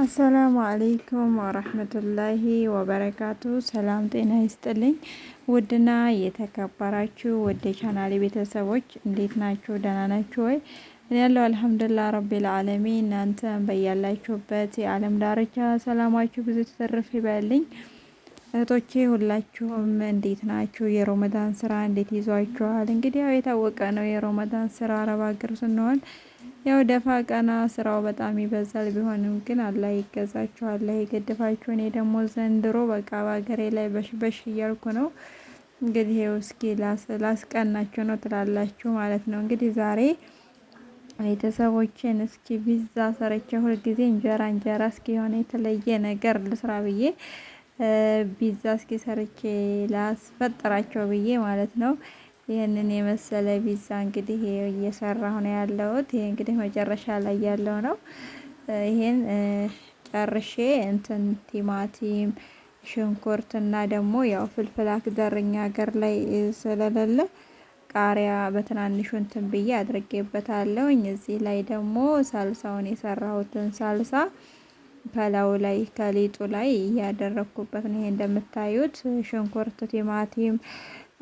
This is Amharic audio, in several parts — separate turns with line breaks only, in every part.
አሰላሙ አሌይኩም ወረህመቱላሂ ወበረካቱ። ሰላም ጤና ይስጥልኝ። ውድና የተከበራችሁ ወደ ቻናሌ ቤተሰቦች እንዴት ናችሁ? ደህና ናችሁ ወይ? እኔ ያለው አልሐምዱሊላህ ረቢል ዓለሚን። እናንተም በያላችሁበት የዓለም ዳርቻ ሰላማችሁ ብዙ ተተርፍ ይበልኝ። እህቶቼ ሁላችሁም እንዴት ናችሁ? የሮመዳን ስራ እንዴት ይዟችኋል? እንግዲህ ያው የታወቀ ነው የሮመዳን ስራ አረብ ሀገር ስንሆን ያው ደፋ ቀና ስራው በጣም ይበዛል። ቢሆንም ግን አላህ ይገዛችሁ፣ አላህ ይገድፋችሁ። እኔ ደግሞ ዘንድሮ በቃ በሀገሬ ላይ በሽበሽ እያልኩ ነው። እንግዲህ ይኸው እስኪ ላስቀናችሁ ነው ትላላችሁ ማለት ነው። እንግዲህ ዛሬ ቤተሰቦችን እስኪ ቢዛ ሰረቼ ሁልጊዜ እንጀራ እንጀራ እስኪ የሆነ የተለየ ነገር ልስራ ብዬ ቢዛ እስኪ ሰርቼ ላስፈጥራቸው ብዬ ማለት ነው። ይህንን የመሰለ ቢዛ እንግዲህ እየሰራሁ ነው ያለሁት። ይሄ እንግዲህ መጨረሻ ላይ ያለው ነው። ይሄን ጨርሼ እንትን ቲማቲም፣ ሽንኩርት እና ደግሞ ያው ፍልፍል አክዘር ሀገር ላይ ስለሌለ ቃሪያ በትናንሹ እንትን ብዬ አድርጌበታለሁኝ። እዚህ ላይ ደግሞ ሳልሳውን የሰራሁትን ሳልሳ ከላዩ ላይ ከሊጡ ላይ እያደረግኩበት ነው። ይሄ እንደምታዩት ሽንኩርት፣ ቲማቲም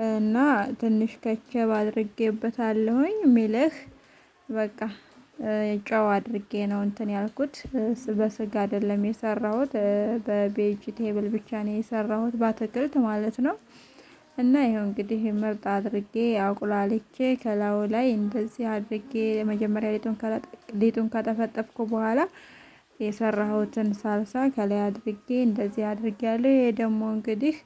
እና ትንሽ ከቸብ አድርጌበታለሁኝ ሚልህ በቃ ጨው አድርጌ ነው እንትን ያልኩት። በስጋ አይደለም የሰራሁት፣ ቴብል ብቻ ነው የሰራሁት በአትክልት ማለት ነው። እና ይኸው እንግዲህ ምርጥ አድርጌ አቁላልቼ ከላዩ ላይ እንደዚህ አድርጌ መጀመሪያ ሊጡን ከጠፈጠፍኩ በኋላ የሰራሁትን ሳልሳ ከላይ አድርጌ እንደዚህ አድርጌ ያለው። ይሄ ደግሞ እንግዲህ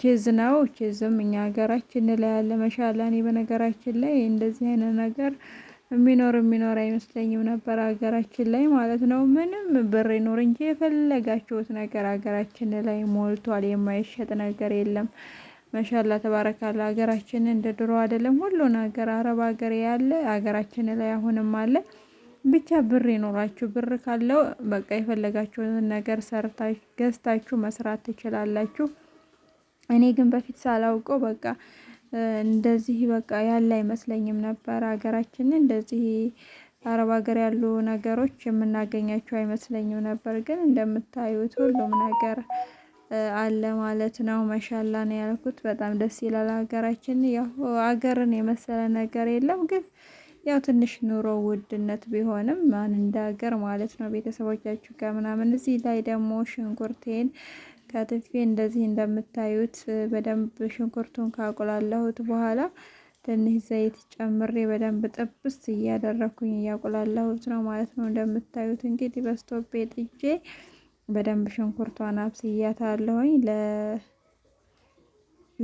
ቼዝ ነው። ቼዝም እኛ ሀገራችን እንለያለ መሻላ። እኔ በነገራችን ላይ እንደዚህ አይነት ነገር የሚኖር የሚኖር አይመስለኝም ነበር ሀገራችን ላይ ማለት ነው። ምንም ብር ይኖር እንጂ የፈለጋችሁት ነገር ሀገራችን ላይ ሞልቷል። የማይሸጥ ነገር የለም። መሻላ ተባረካለ። ሀገራችን እንደ ድሮ አይደለም። ሁሉን ሀገር አረብ ሀገር ያለ ሀገራችን ላይ አሁንም አለ። ብቻ ብር ይኖራችሁ። ብር ካለው በቃ የፈለጋችሁትን ነገር ሰርታ ገዝታችሁ መስራት ትችላላችሁ። እኔ ግን በፊት ሳላውቀው በቃ እንደዚህ በቃ ያለ አይመስለኝም ነበር። ሀገራችንን እንደዚህ አረብ ሀገር ያሉ ነገሮች የምናገኛቸው አይመስለኝም ነበር። ግን እንደምታዩት ሁሉም ነገር አለ ማለት ነው። መሻላ ነው ያልኩት። በጣም ደስ ይላል ሀገራችን። ያው ሀገርን የመሰለ ነገር የለም። ግን ያው ትንሽ ኑሮ ውድነት ቢሆንም ማን እንደ ሀገር ማለት ነው ቤተሰቦቻችሁ ጋር ምናምን። እዚህ ላይ ደግሞ ሽንኩርቴን ከትፌ እንደዚህ እንደምታዩት በደንብ ሽንኩርቱን ካቁላለሁት በኋላ ትንሽ ዘይት ጨምሬ በደንብ ጥብስ እያደረኩኝ እያቁላለሁት ነው ማለት ነው። እንደምታዩት እንግዲህ በስቶፔ ጥጄ በደንብ ሽንኩርቷን አብስያታለሁኝ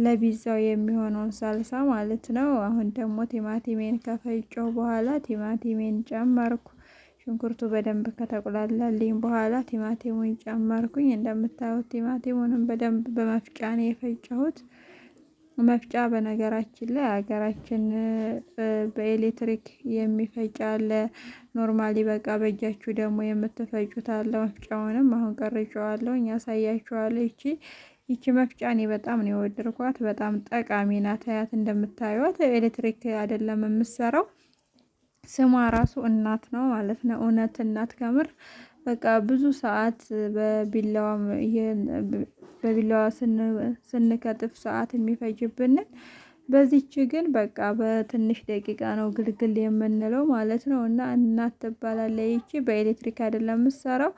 ለቢዛው የሚሆነውን ሳልሳ ማለት ነው። አሁን ደግሞ ቲማቲሜን ከፈጨሁ በኋላ ቲማቲሜን ጨመርኩ። ሽንኩርቱ በደንብ ከተቁላላልኝ በኋላ ቲማቲሙን ጨመርኩኝ። እንደምታዩት ቲማቲሙንም በደንብ በመፍጫ ነው የፈጨሁት። መፍጫ በነገራችን ላይ ሀገራችን በኤሌክትሪክ የሚፈጭ አለ፣ ኖርማሊ በቃ በእጃችሁ ደግሞ የምትፈጩት አለ። መፍጫውንም አሁን ቀርጨዋለሁ ያሳያችኋለሁ። ይቺ ይቺ መፍጫ እኔ በጣም ነው የወደድኳት። በጣም ጠቃሚ ናት። ያት እንደምታዩት ኤሌክትሪክ አይደለም የምሰራው ስሟ ራሱ እናት ነው ማለት ነው። እውነት እናት ከምር በቃ ብዙ ሰዓት በቢላዋ ስንከጥፍ ሰዓት የሚፈጅብንን በዚች ግን በቃ በትንሽ ደቂቃ ነው ግልግል የምንለው ማለት ነው። እና እናት ትባላለች። ይቺ በኤሌክትሪክ አይደለም የምትሰራው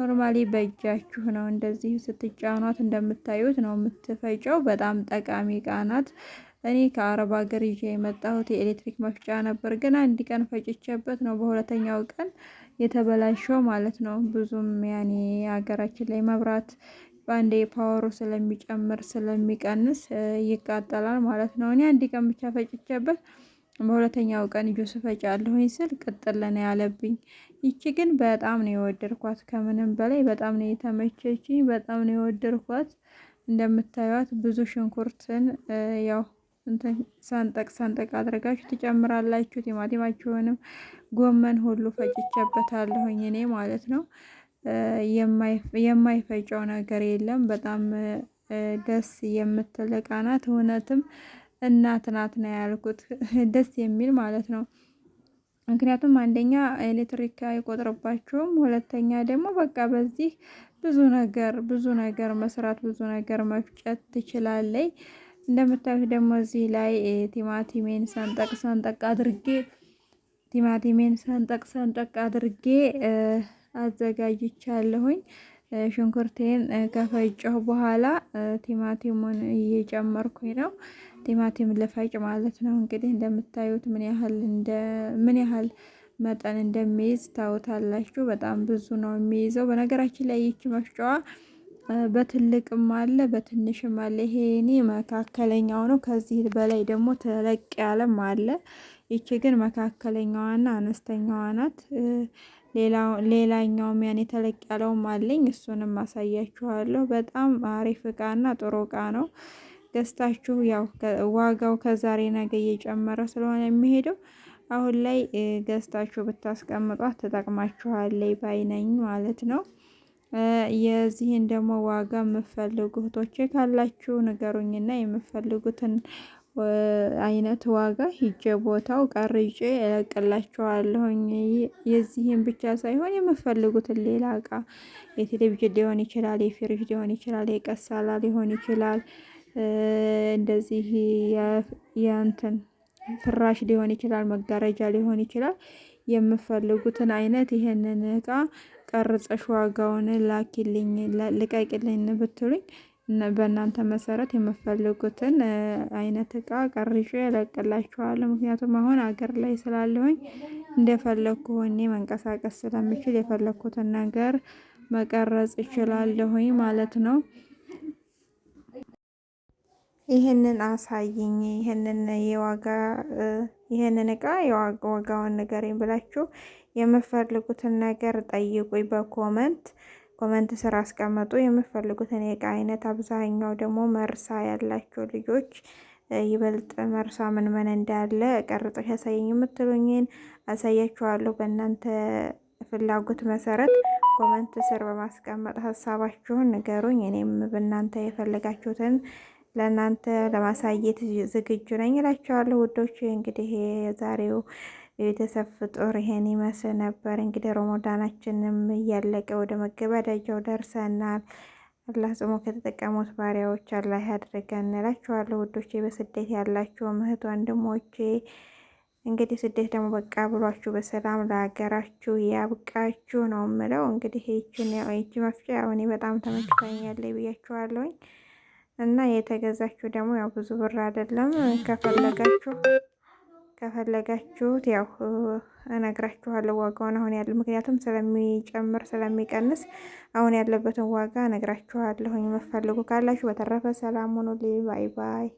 ኖርማሊ በእጃችሁ ነው እንደዚህ ስትጫኗት እንደምታዩት ነው የምትፈጨው። በጣም ጠቃሚ እቃ ናት። እኔ ከአረብ ሀገር ይዤ የመጣሁት የኤሌክትሪክ መፍጫ ነበር፣ ግን አንድ ቀን ፈጭቼበት ነው በሁለተኛው ቀን የተበላሸው ማለት ነው። ብዙም ያኔ ሀገራችን ላይ መብራት በአንዴ ፓወሩ ስለሚጨምር ስለሚቀንስ ይቃጠላል ማለት ነው። እኔ አንድ ቀን ብቻ ፈጭቼበት በሁለተኛው ቀን ጁስ ፈጫለሁኝ ስል ቅጥልን ያለብኝ። ይቺ ግን በጣም ነው የወደድኳት፣ ከምንም በላይ በጣም ነው የተመቸችኝ፣ በጣም ነው የወደድኳት። እንደምታዩት ብዙ ሽንኩርትን ያው ሰንጠቅ ሰንጠቅ አድርጋችሁ ትጨምራላችሁ። ቲማቲማችሁንም ጎመን ሁሉ ፈጭቼበታለሁኝ እኔ ማለት ነው። የማይፈጨው ነገር የለም። በጣም ደስ የምትል እቃ ናት። እውነትም እናት ናት ነው ያልኩት። ደስ የሚል ማለት ነው። ምክንያቱም አንደኛ ኤሌክትሪክ አይቆጥርባቸውም፣ ሁለተኛ ደግሞ በቃ በዚህ ብዙ ነገር ብዙ ነገር መስራት ብዙ ነገር መፍጨት ትችላለች። እንደምታዩት ደግሞ እዚህ ላይ ቲማቲሜን ሰንጠቅ ሰንጠቅ አድርጌ ቲማቲሜን ሰንጠቅ ሰንጠቅ አድርጌ አዘጋጅቻለሁኝ። ሽንኩርቴን ከፈጨሁ በኋላ ቲማቲሙን እየጨመርኩኝ ነው። ቲማቲም ልፈጭ ማለት ነው። እንግዲህ እንደምታዩት ምን ያህል እንደ ምን ያህል መጠን እንደሚይዝ ታውታላችሁ። በጣም ብዙ ነው የሚይዘው። በነገራችን ላይ ይቺ መፍጫዋ በትልቅም አለ በትንሽም አለ። ይሄ እኔ መካከለኛው ነው። ከዚህ በላይ ደግሞ ተለቅ ያለም አለ። ይቺ ግን መካከለኛዋና አነስተኛዋ ናት። ሌላኛውም ያን የተለቅ ያለውም አለኝ። እሱንም አሳያችኋለሁ። በጣም አሪፍ እቃና ጥሩ እቃ ነው። ገዝታችሁ ያው ዋጋው ከዛሬ ነገ እየጨመረ ስለሆነ የሚሄደው አሁን ላይ ገዝታችሁ ብታስቀምጧት ትጠቅማችኋለች ባይነኝ ማለት ነው። የዚህን ደግሞ ዋጋ የምፈልጉ እህቶቼ ካላችሁ ንገሩኝና የምፈልጉትን አይነት ዋጋ ሂጀ ቦታው ቀርጬ እለቅላችኋለሁኝ። የዚህን ብቻ ሳይሆን የምፈልጉትን ሌላ እቃ የቴሌቪዥን ሊሆን ይችላል፣ የፍሪጅ ሊሆን ይችላል፣ የቀሳላ ሊሆን ይችላል፣ እንደዚህ የእንትን ፍራሽ ሊሆን ይችላል፣ መጋረጃ ሊሆን ይችላል። የምፈልጉትን አይነት ይህንን እቃ ቀርጸሽ ዋጋውን ላኪልኝ ልቀቂልኝ ብትሉኝ በእናንተ መሰረት የምፈልጉትን አይነት እቃ ቀርጬ እለቅላችኋለሁ። ምክንያቱም አሁን አገር ላይ ስላለሁኝ እንደፈለግኩ ሆኜ መንቀሳቀስ ስለምችል የፈለግኩትን ነገር መቀረጽ እችላለሁኝ ማለት ነው። ይህንን አሳይኝ ይህንን የዋጋ ይህንን እቃ የዋጋውን ንገረኝ ብላችሁ የምፈልጉትን ነገር ጠይቁኝ። በኮመንት ኮመንት ስር አስቀምጡ የምፈልጉትን የእቃ አይነት። አብዛኛው ደግሞ መርሳ ያላቸው ልጆች ይበልጥ መርሳ ምን ምን እንዳለ ቀርጠሽ ያሳየኝ የምትሉኝን አሳያችኋለሁ። በእናንተ ፍላጎት መሰረት ኮመንት ስር በማስቀመጥ ሀሳባችሁን ንገሩኝ። እኔም በእናንተ የፈለጋችሁትን ለእናንተ ለማሳየት ዝግጁ ነኝ እላችኋለሁ ውዶች። እንግዲህ የዛሬው የቤተሰብ ፍጡር ይሄን ይመስል ነበር። እንግዲህ ሮሞዳናችንም እያለቀ ወደ መገባደጃው ደርሰናል። አላህ ጽሞ ከተጠቀሙት ባሪያዎች አላህ ያድርገን እላችኋለሁ ውዶቼ። በስደት ያላችሁ እህት ወንድሞቼ እንግዲህ ስደት ደግሞ በቃ ብሏችሁ በሰላም ለሀገራችሁ ያብቃችሁ ነው ምለው። እንግዲህ ይችን ይቺ መፍጫ እኔ በጣም ተመችቶኛል ብያችኋለሁኝ። እና የተገዛችሁ ደግሞ ያው ብዙ ብር አይደለም። ከፈለጋችሁ ከፈለጋችሁት ያው እነግራችኋለሁ ዋጋውን አሁን ያለ ምክንያቱም ስለሚጨምር ስለሚቀንስ አሁን ያለበትን ዋጋ እነግራችኋለሁ። የምትፈልጉ ካላችሁ በተረፈ ሰላም ሁኑልኝ። ባይ ባይ።